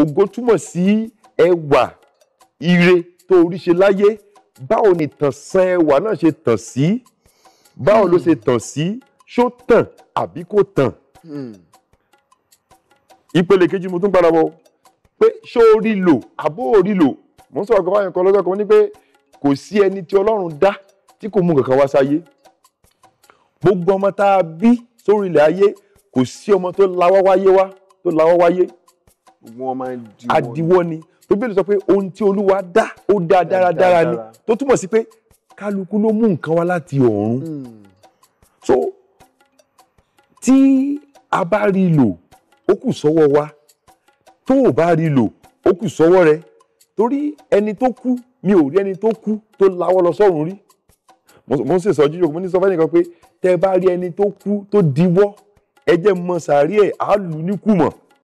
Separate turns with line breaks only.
ògo túmọ̀ sí ẹwà ire tó orí ṣe láyé báwo ni ìtànṣán ẹwà náà ṣe tàn sí báwo ló ṣe tàn sí ṣó tàn àbí kò tàn. ìpele kejì mo tún padà bọ̀ pé ṣó orí lò àbó orí lò mo ń sọ̀rọ̀ kan báyọ̀ kan lọ́jọ́ kan ní pé kò sí ẹni tí ọlọ́run dá tí kò mú kankan wá sáyé gbogbo ọmọ tá a bí sórí ilẹ̀ ayé kò sí ọmọ tó lawọ́ wáyé wá tó lawọ́ wáyé wọ́n máa ń diwọ́ adiwọ́ ni bíbélì sọ pé ohun tí olúwa dá ó dá dáradára ni tó túmọ̀ sí pé kálukú ló mú nǹkan wá láti ọ̀run hmm. so tí a bá rí lò ó kù sọ́wọ́ wa tó o bá rí lò ó kù sọ́wọ́ rẹ torí ẹni tó kú mi ò rí ẹni tó kú tó lawọ́ lọ sọ́run rí mo ń sèso jíjò mo ní sọ fẹ́ nìkan pé tẹ́ bá rí ẹni tó kú tó diwọ́ ẹ jẹ́ mọ sàárì ẹ̀ á lù ní kùmọ̀.